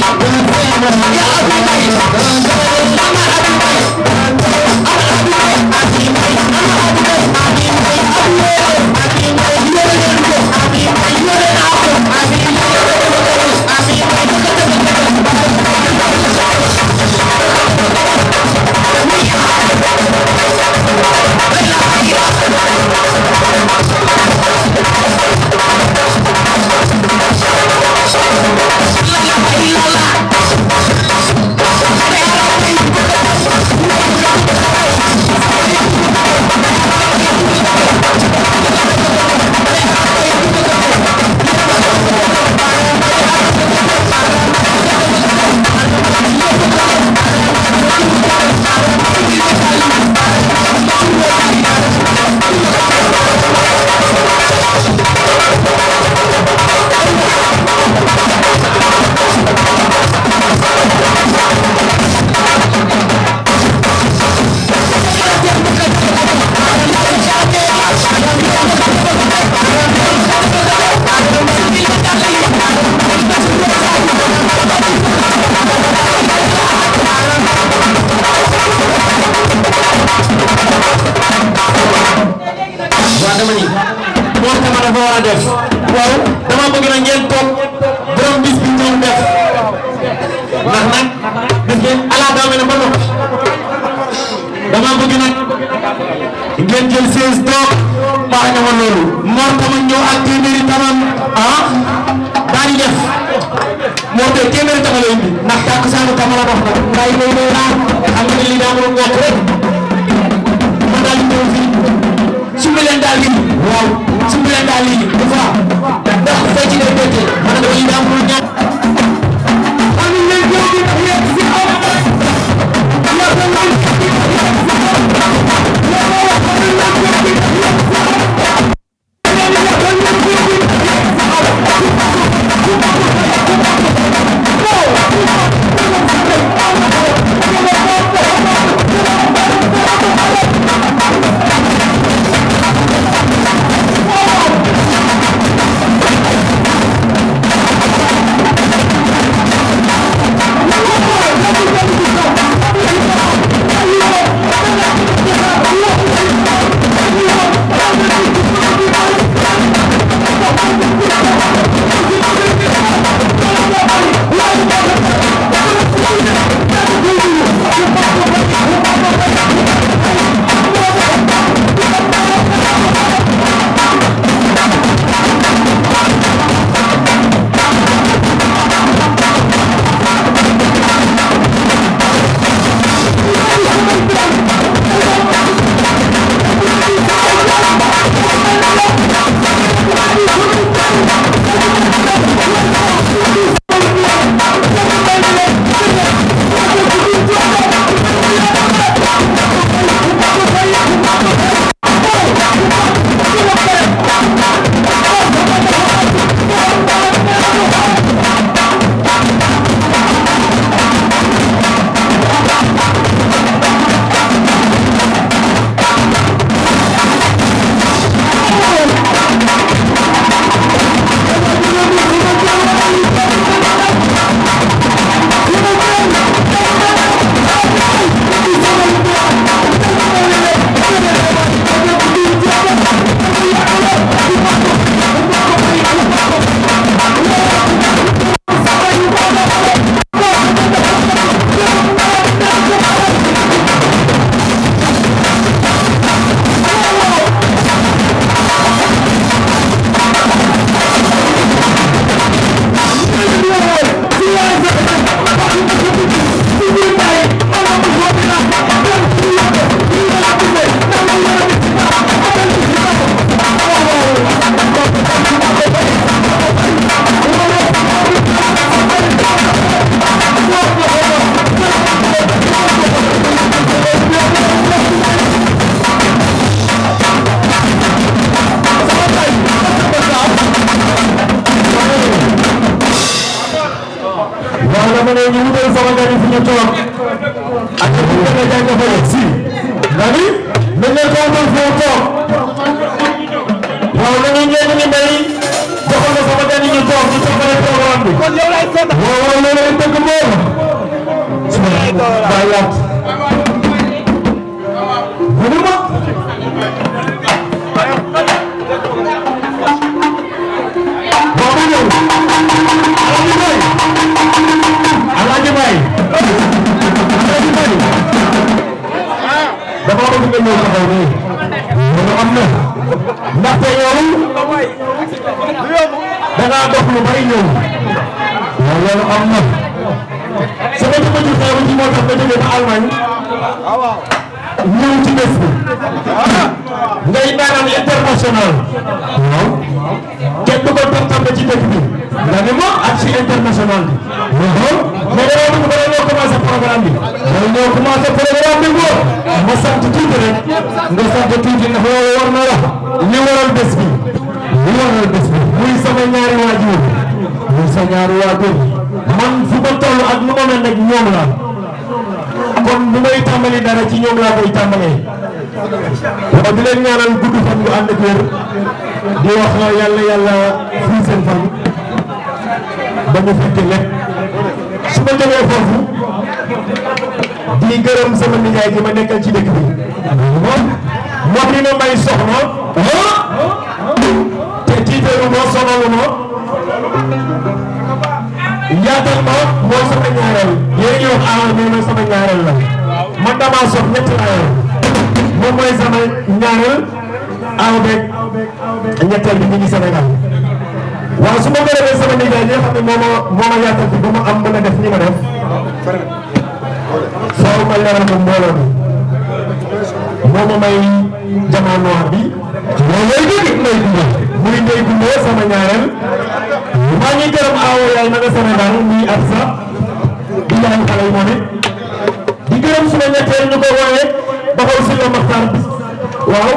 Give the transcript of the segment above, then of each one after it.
يا أبي di wax yàlla yàlla fii seen fan ba ñu fekke lépp su ma jógee foofu di gërëm sama nijaay gi ma nekkal ci dëkk moom moom li ma may soxna te tiitaru ma sonalu ma yaatal moo sama ñaareel yéen wax awa mais mooy sama ñaareel la man damaa sox ñett laa yor moom mooy sama ñaareel aw beeg ñetteel bi ñu ngi Sénégal waaw su ma gërëmee sama nijaay ñi xam ne moo ma moo ma yaatal bi ba mu am mën a may jamono noir bi loolu yooyu dégg may dundee muy ndey dundee sama ñaareel maa ngi gërëm awo yaay na xale yi moom it di gërëm suma ñetteel ñu ko wooyee baxaw si la maxtaan waaw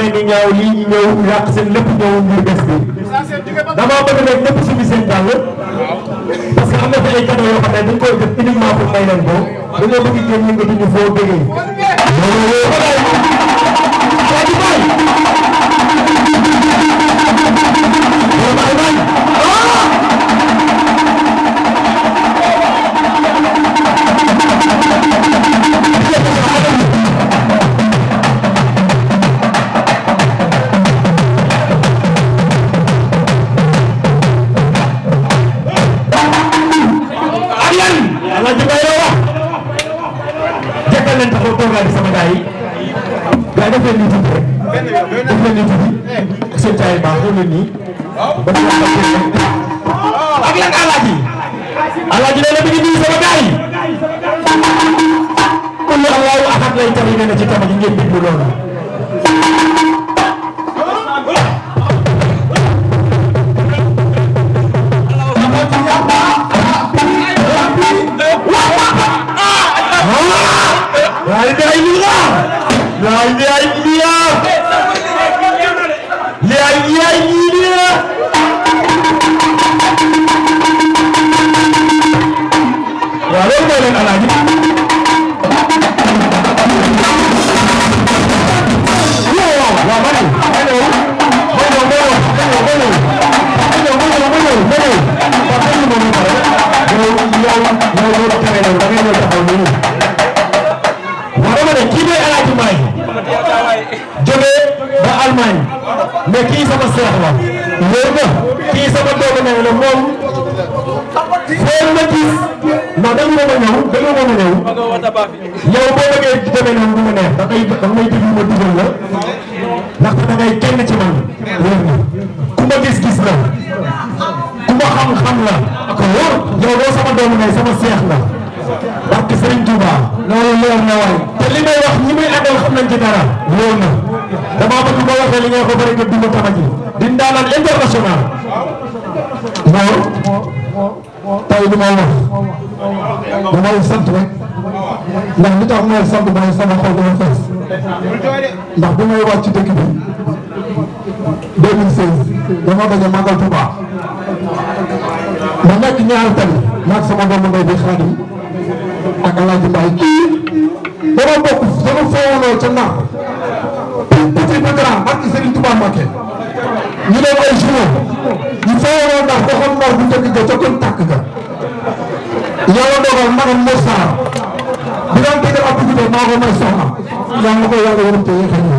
bés di ñaaw lii ñu ñëw yàq seen lépp ñëw ngir bés bi. bëgg nag ñëpp suñu seen dàll. parce que na ko. naa di sama gars yi gars def leen nii tuuti rek def leen nii tuuti nii ak lan alaaji alaaji nee na mi ngi nuyu sama gars yi kon Allahu ahad lay tari nee na ci tama ji ngeen déglu loolu إله إلا الله لا إله إلا الله لا إله إلا الله يا رب العالمين sama seex la wóor na kii sama doomu ndey la moom foo ma gis ndax nga a nga mën a ñëw yow boo bëggee demee noonu du ma neex dugal la ndaxte da ngay kenn ci man wóor ku ma gis-gis la ku ma xam-xam la ak wóor yow doo sama doomu ndey sama seex la barke Serigne Touba loolu na waay te may wax ñi muy àndal xam nañ ci dara wóor na damaa bëgg boo waxee li ngay ko bëri nga dund tama ji di ndaanaan international moo tay li ma wax damay sant rek ndax li tax mooy sant mooy sama xol dama fees ndax bi may wàcc ci dëkk bi 2016 dama daje màggal Touba ma nekk ñaari tali naag sama doomu ndey bi Xaadim ak Alaaji Mbaay kii dama bokk sama feewuloo ca naax Mbacke ñu doon ay juróom ñu fayoon ndax doxoon ndar bu njëkk ga jokkoon tàkk ga yàlla dogal madame Moussa bi daan tëgg ab maa ko may soxna yaa ngi koy yàlla yërëm te yéexal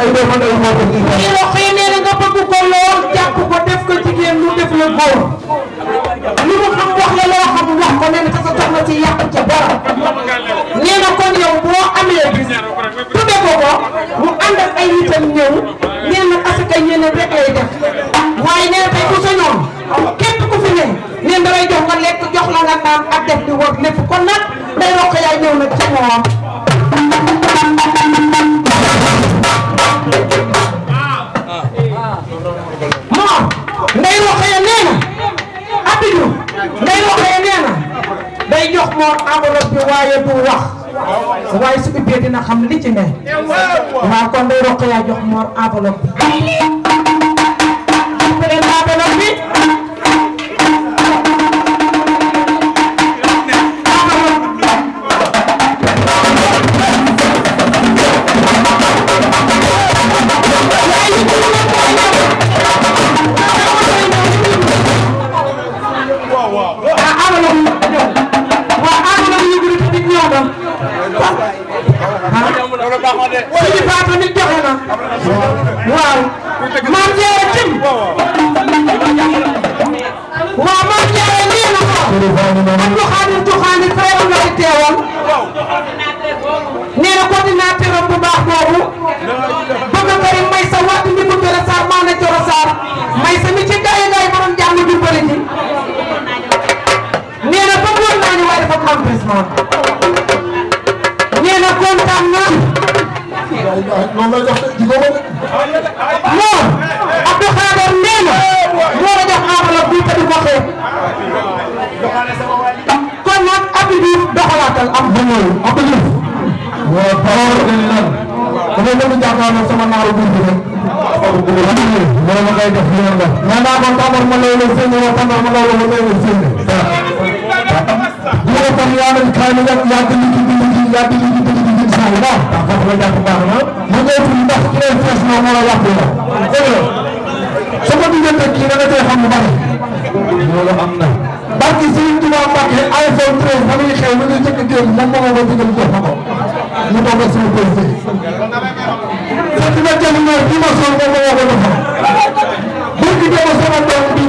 ay doomam ay mbokk yi. kii Roqe nee na nga bëgg kon yow boo amee tudde ko ko mu ànd ay nitam ñëw nee na parce que rek lay def waaye nee na tey ku sañoon képp ku fi ne nee na jox nga lekk jox la nga naan ak def di wër lépp kon nag day Roqe yaay ñëw nag ca moom. moo enveloppe bi waaye du wax waaye su ubbee dina xam li ci ne waaw kon day roq yaa jox moor enveloppe bi loolu lu mel ni firnde waaw kon yaa ngi kaay ñu nekk yaa ngi liggéey bi liggéey yaa ngi liggéey bi liggéey saa yu baax. waaw foofu la jàpp baax na. mu ngay fi ndax ki lay fees na moo la yàqu la. dëgg la sama diggante kii da nga koy xam lu bari. loolu am na. barke Serigne Touba Mbacke iPhone 13 ba muy xew lu ñu njëkk a génn moom moo ko digal jox ma ko. ñu toog ak sama président. te dina jël ñoom bi ma sol moom moo ko defal. bu ñu sama doom bi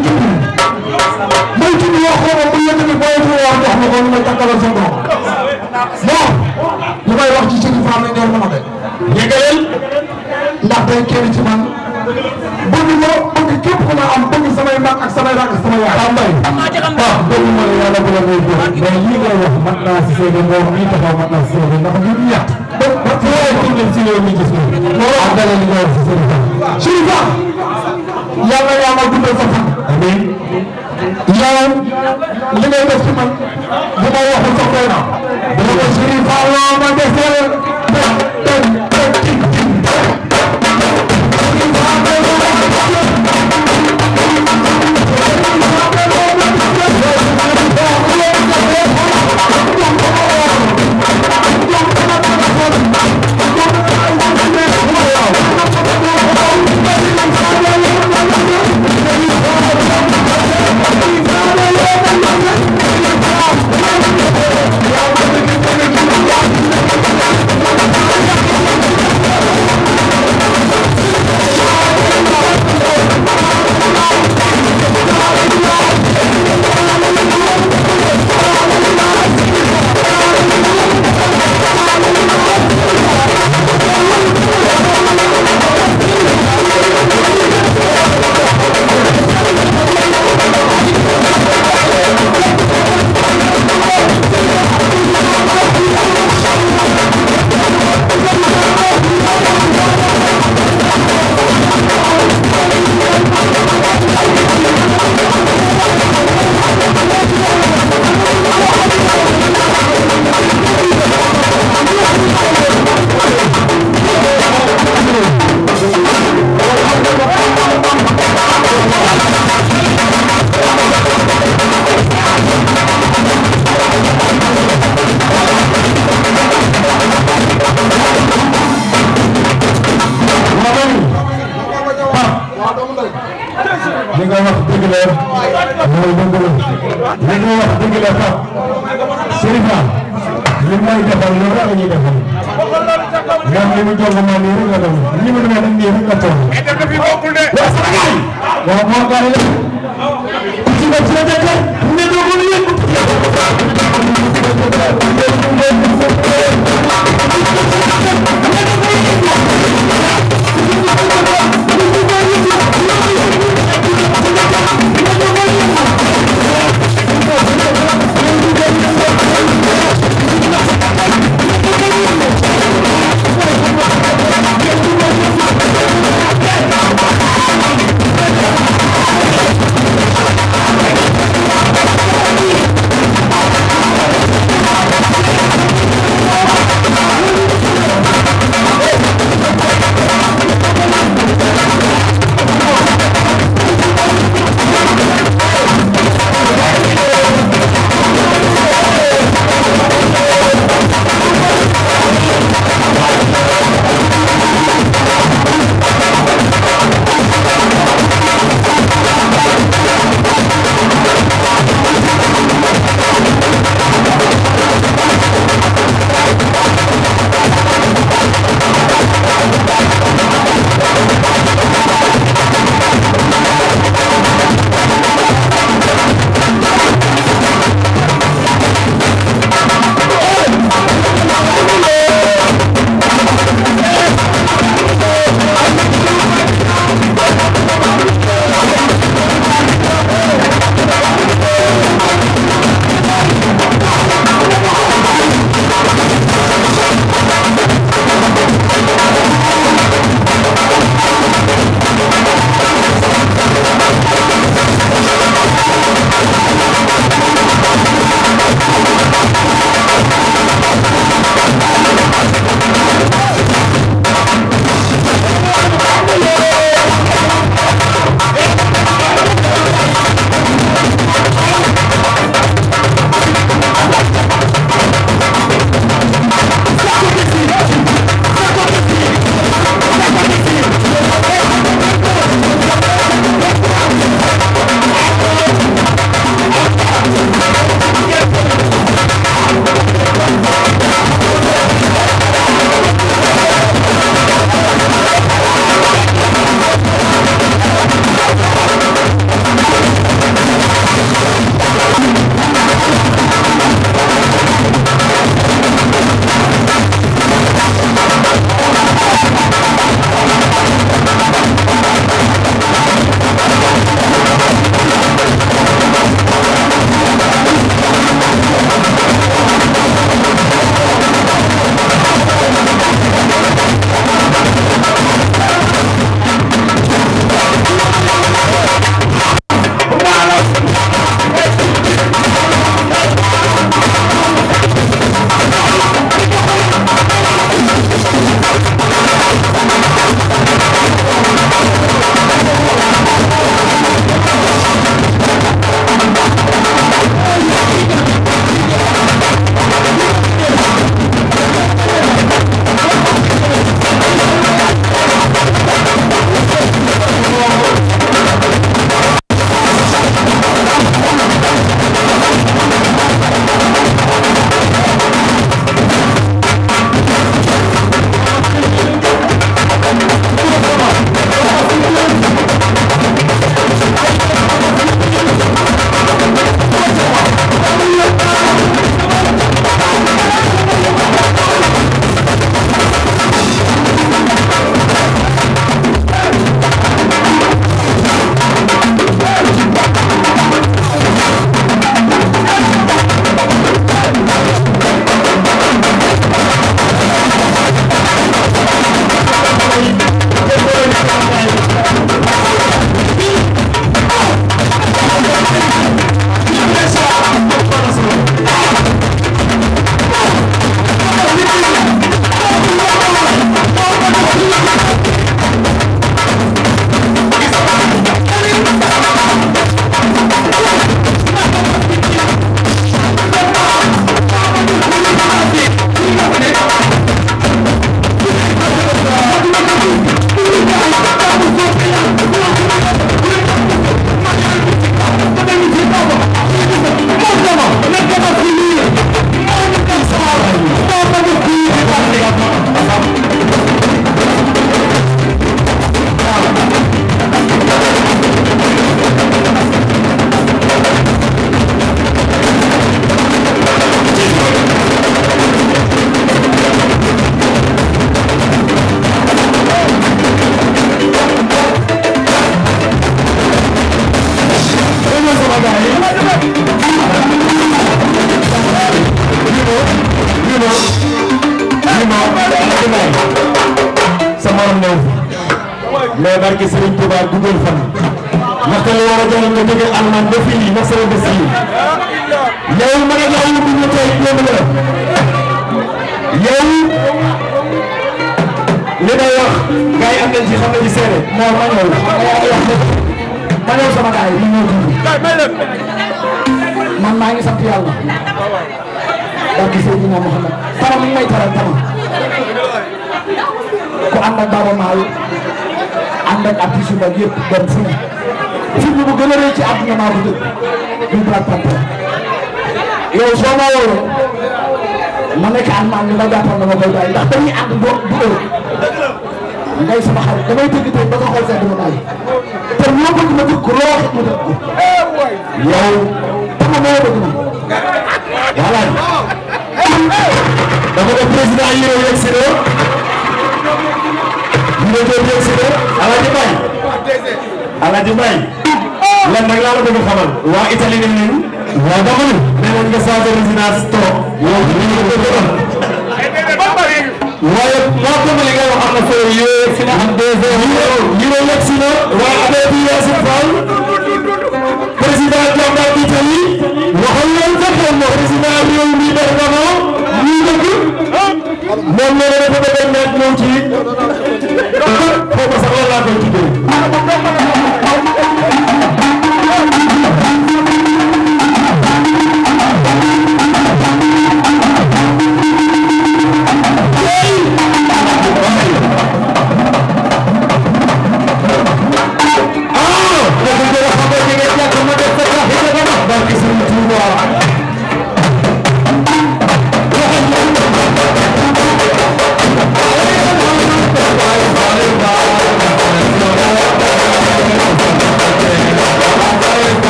wax ko moom bu yëngu ni booy fi wax jox ma ko ñu may takkalal sa bopp bon li may wax ci Serigne Fall neex na ma de yeggaleel ndax day kenn ci man bëgg ma bëgg képp ku ma am bëgg samay mag ak samay rak ak samay yaay. waaw mbay waaw bëgg ma ne yàlla bu la ngay jox mais lii ngay wax mën naa si seede moom mii taxaw mën naa si seede ndax lii du yàq. ba ba looy tënkal si réew mi gis nga. looloo xam dalee li nga wax si Serigne Fall. Serigne Fall yàlla yaa ma guddal sa fan. amiin. yow li ngay def ci man bu ma waxul sax doy na. bu ma ko Serigne Fallou ma desel.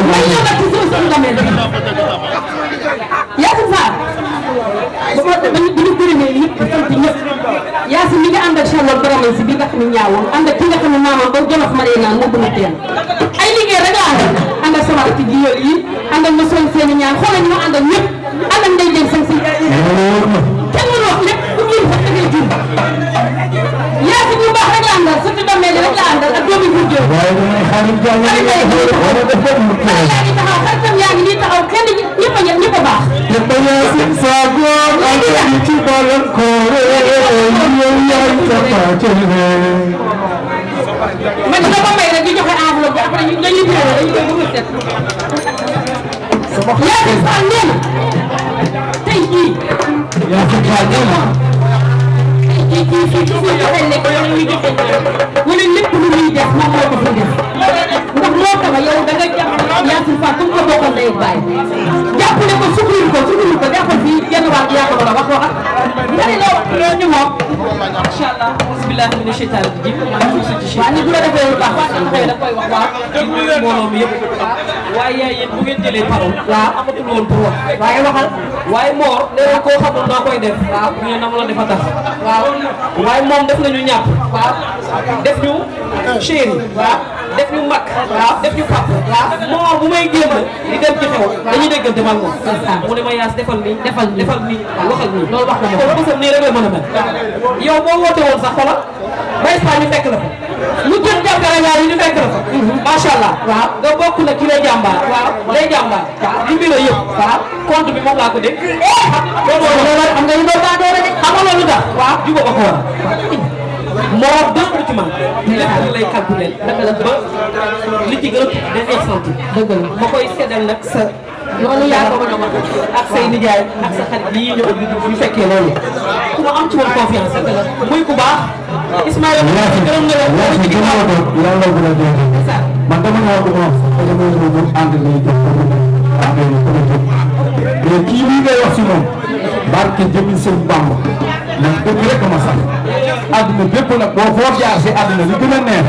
mooy boobu Yacine Sarr ba ma ba ñu gërëmee ñëpp sant ñëpp mi nga ànd ak Charlotte Borame si bi nga xam ne ñaawoon ki nga xam ne maamam ba Jolof Maree naan moo gën a teel ay liggéey rek la àndal ànd ak sama ci jiyal yi ànd ak ma soñ i ñaan xoolal ñu ànd ak ñëpp ànd ak ndey jëm seen si kenn mënu wax lépp ku jur sax da ngay jur Yacine bu baax rek la àndal sa fi dommee rek la àndal ay tey bu ñu taxaw ndax yaa ngi taxaw xaritam yaa ngi nii taxaw kenn ñëpp a ñëpp a baax. ñëpp a yaasin saago ak ñi ci balam koore yow yaa ngi taxaw ci man dama may rek ñu joxe enveloppe bi après ñu dañuy ñëw dañu koy bëgg a set. yaa ngi sax nee na tey jii. yaa ngi sax nee na. tey jii fii gis nga joxe ne ko yow muy joxe ñaan wala lépp lu muy def moom moo ko fi def ndax loo tax yow da nga jàpp Yacine Fall comme que bokkal day bàyyi jàppale ko sukkandiku ko sukkandiku ko jàppal fii genn wàll yaa ko mën a wax waxat nga ne loo loo ñu moom. incha allah bismillahi mina shaytaani rajim waaw nit bu la defee lu baax xëy da koy wax waaw ci mbooloo mi yëpp waaye yaay yéen bu ngeen jëlee parole waaw amatul woon pour wax waaye waxal waaye Mor nee na koo xamul noo koy def waaw ñu ne na mu la defa tax waaw waaye moom def nañu ñàpp waaw def ñu chéri waaw def ñu mag waaw def ñu pap waaw moo bu may génn di dem ci xew dañuy déggante man moom mu ne ma yaas defal nii defal defal nii waxal nii loolu wax na kon bésam nii rek la mën a mel yow boo woote woon sax xoolal ba Espagne ñu fekk la fa lu jot jàppale ñaar yi ñu fekk la fa mhm. macha allah waaw nga bokk na ci lay jàmbaar waaw lay jàmbaar li mbir a yëpp waaw compte bi moom laa ko dégg eh! xam nga xam nga loolu tax waaw jubóo ko xool moo dëpp ci man lépp lay calculer ba li ci gën a def ay santé dëgg la ma koy seddal nag sa loolu yaa ko mën a wax ak say nijaay ak sa xarit yi ñëw ñu fekkee loolu ku ma am ci woon confiance muy ku baax Ismaïla gërëm nga leen ci gën a man dama ñëw ko wax dama ñëw ko ànd lay jox ko mais kii lii ngay wax ci moom barke jëmmi sëñ Bamba ndax dëgg rek ma sax àdduna bépp nag boo foo jaar si àdduna li gën a neex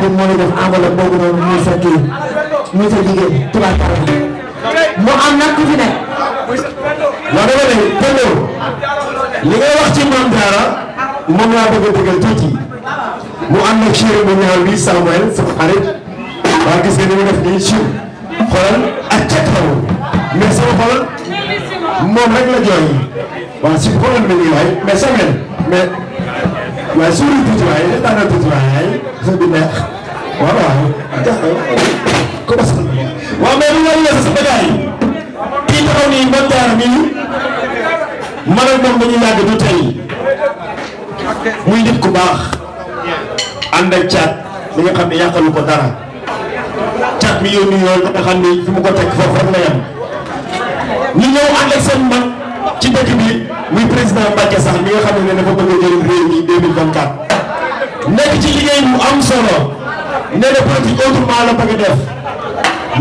xamante moo la def enveloppe boobu noonu muy sa kii muy sa jigéen tubaarkalla mu am nag ku fi nekk. waaw dama ne Pendo li ngay wax ci Mame Diarra moom laa bëgg a dëggal tuuti mu am nag chéri bu ñaaw bi Samuel sama xarit waa gis nga ni mu def nii chir xoolal ak cet xamul mais sama xol moom rek la jooy waaw si xoolal mi nii waay ne yàqalu ko dara cat mi yónni yoon nga xam ne fi mu ko teg foofu rek la yem ñu ñëw ànd mag ci dëkk bi muy président Mbacke sax mi nga xam ne dafa bëgg nekk ci liggéey bu am solo nee na politique autrement la bëgg a def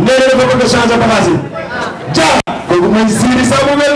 nee na dafa bëgg a changer base yi jaar kooku mooy Siri Samouel.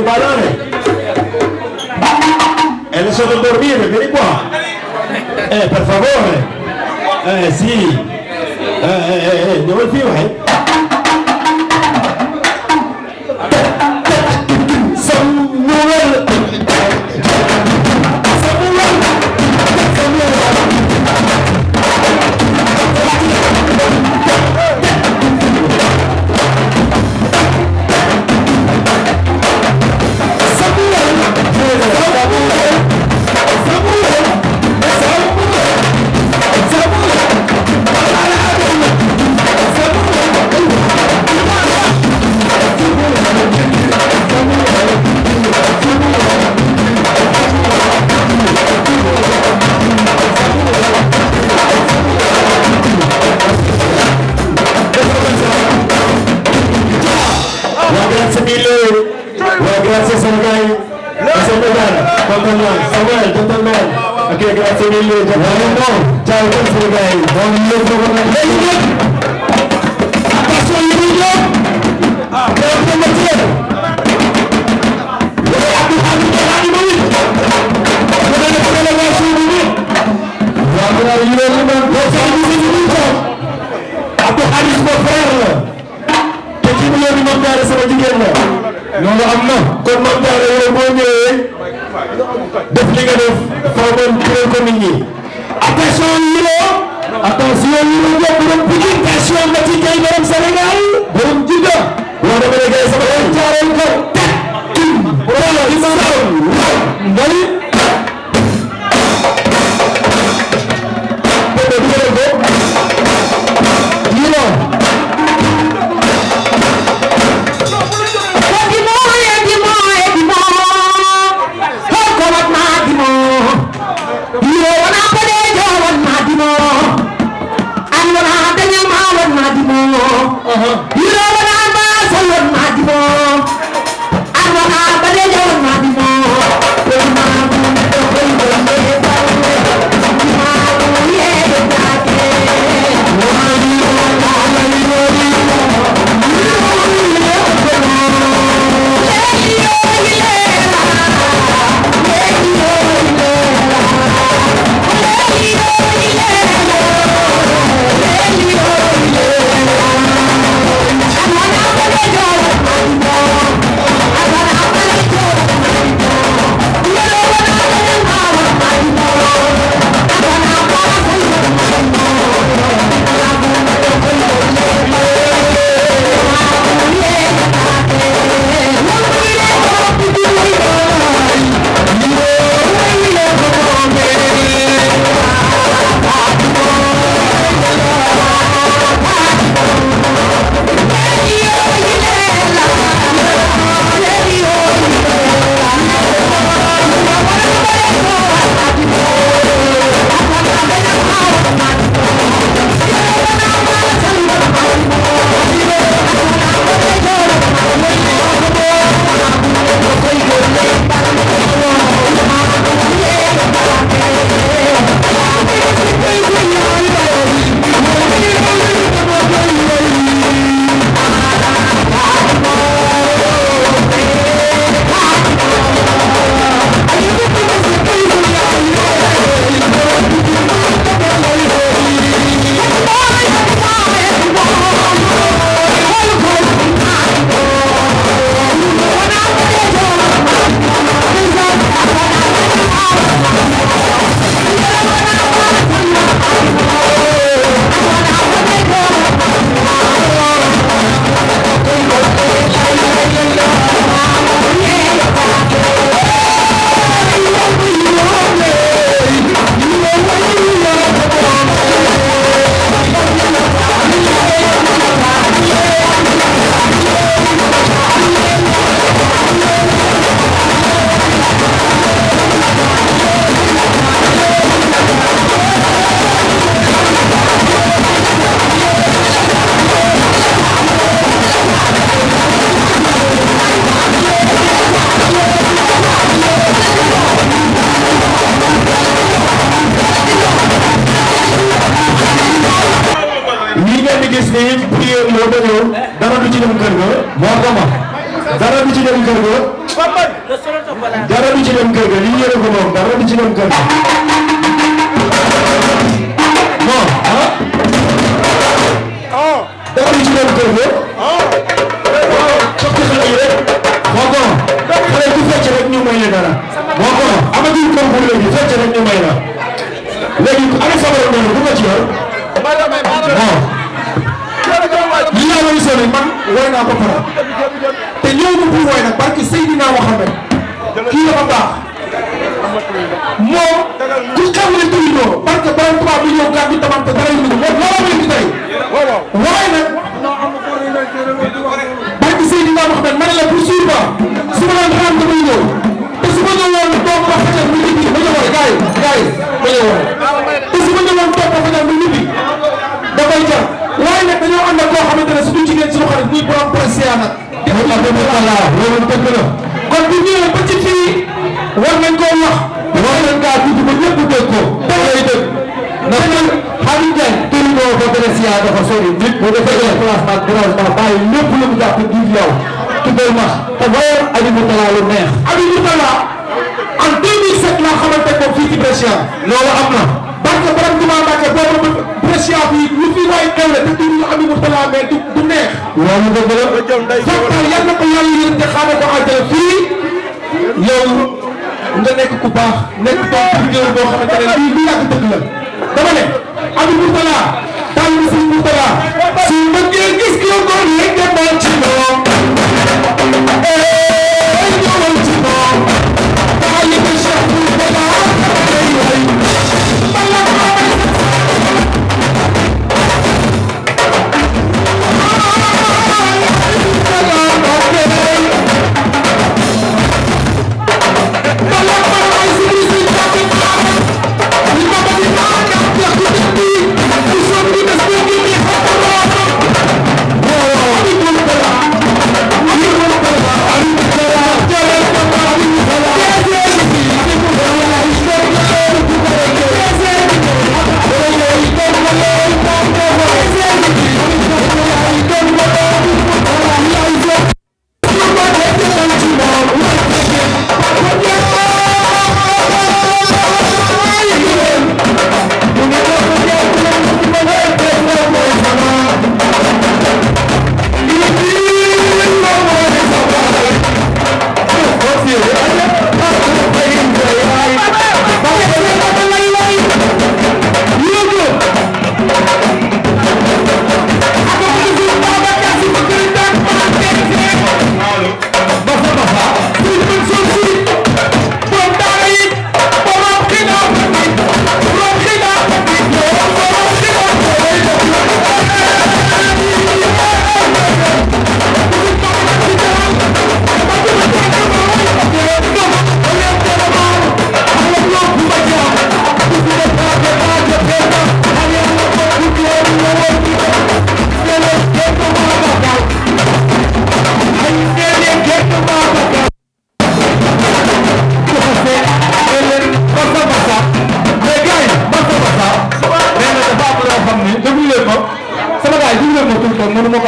più valore e le sono dormire vieni qua eh per favore eh sì eh eh eh, eh dove il fiume?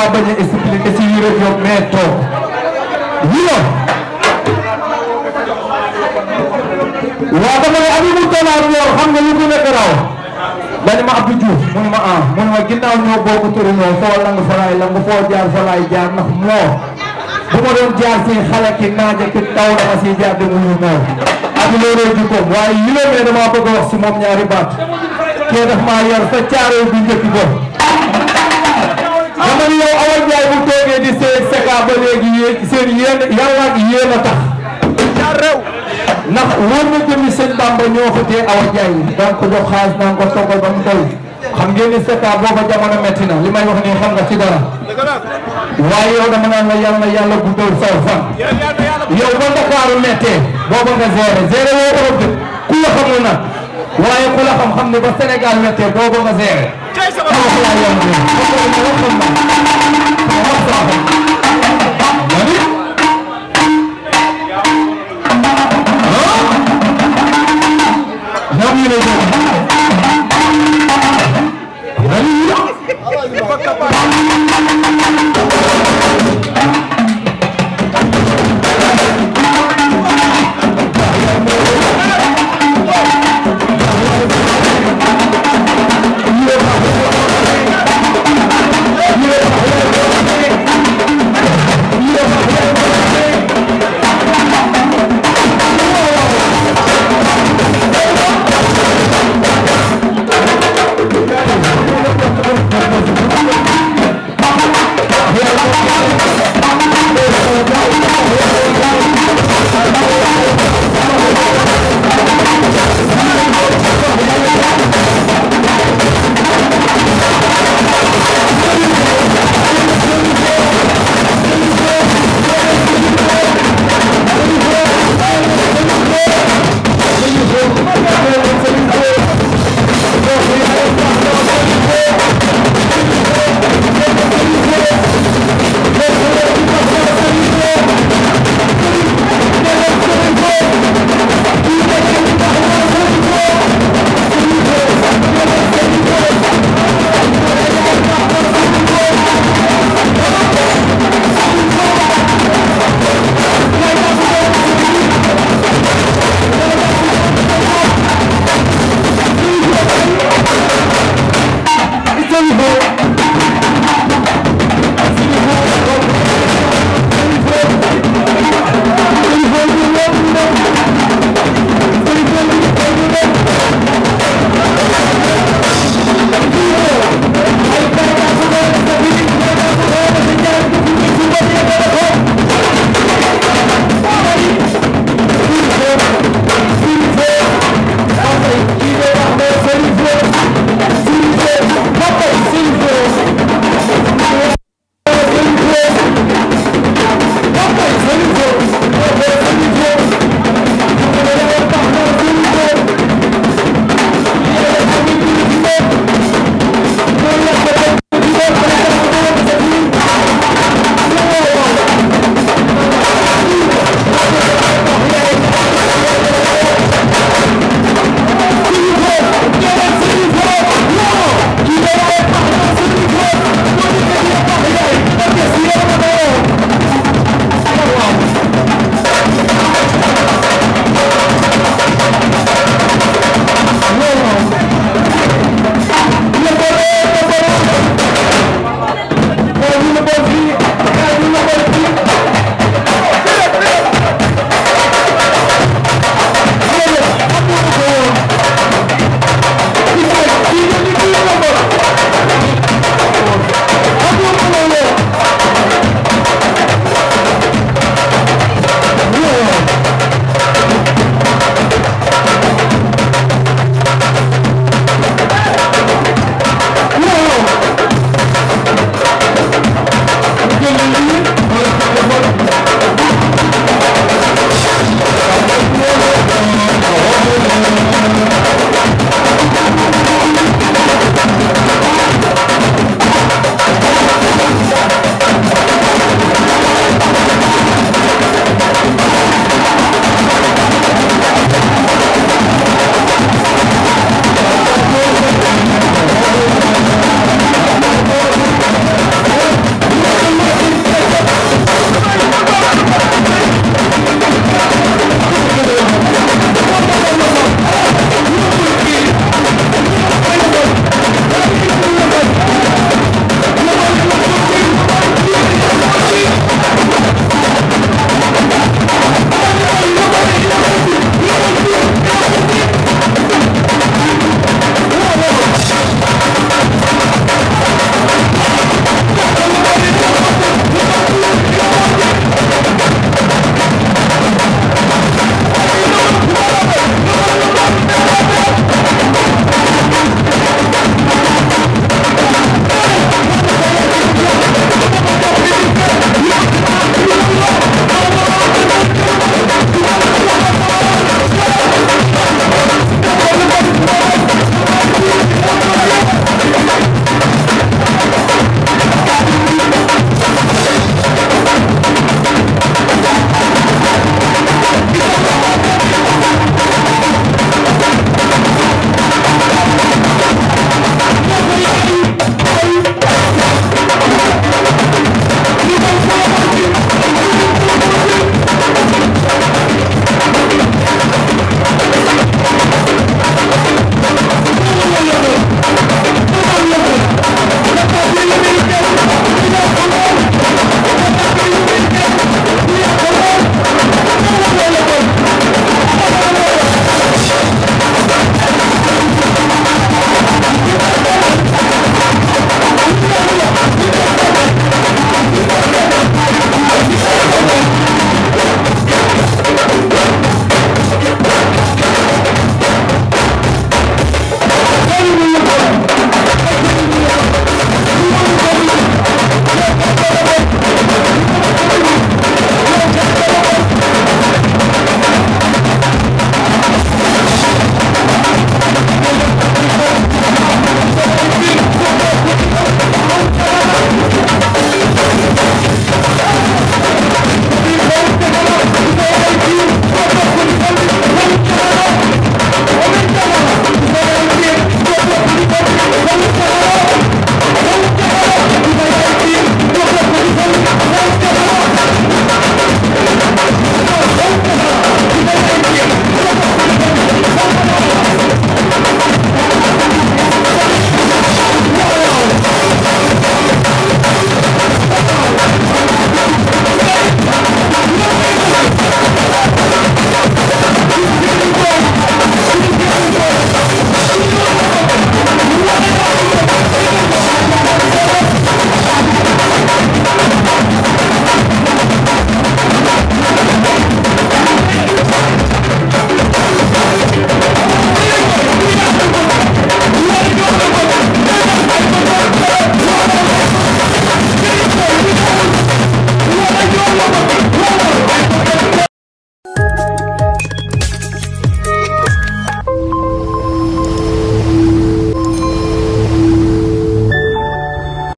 ma bañ a expliqué si yi rek yow mais toog wilo waa dama ne Habibou Dollar yow xam nga lu gën a garaaw dañ ma Abdou Diouf mun ma ah mun ma ginnaaw ñoo bokk turu ñoo foo lang fa laay lang foo jaar fa laay jaar ndax moo bu ma doon jaar si xale ki naaje ki taw dama si jaar di muñu moo ak looloo jikkoom waaye yilo mais dama bëgg a wax si moom ñaari baat kee daf maa yar sa caaroo bi njëkk ba dama ni yow Awa bu toogee di seeg Seka ba léegi a tax ñaar réew ndax war na ñoo fa tee Awa Ndiaye daan ko jox xaalis daan ko toggal mu doy xam ngeen ni Seka booba jamono li may wax nii xam nga ci dara waaye yow dama naan la yàlla saw fan yow ba Ndakaaru mettee booba nga géré géré woo Europe ku la xamul na waaye ku la xam-xam ne ba Sénégal méttee boo ko nga seere.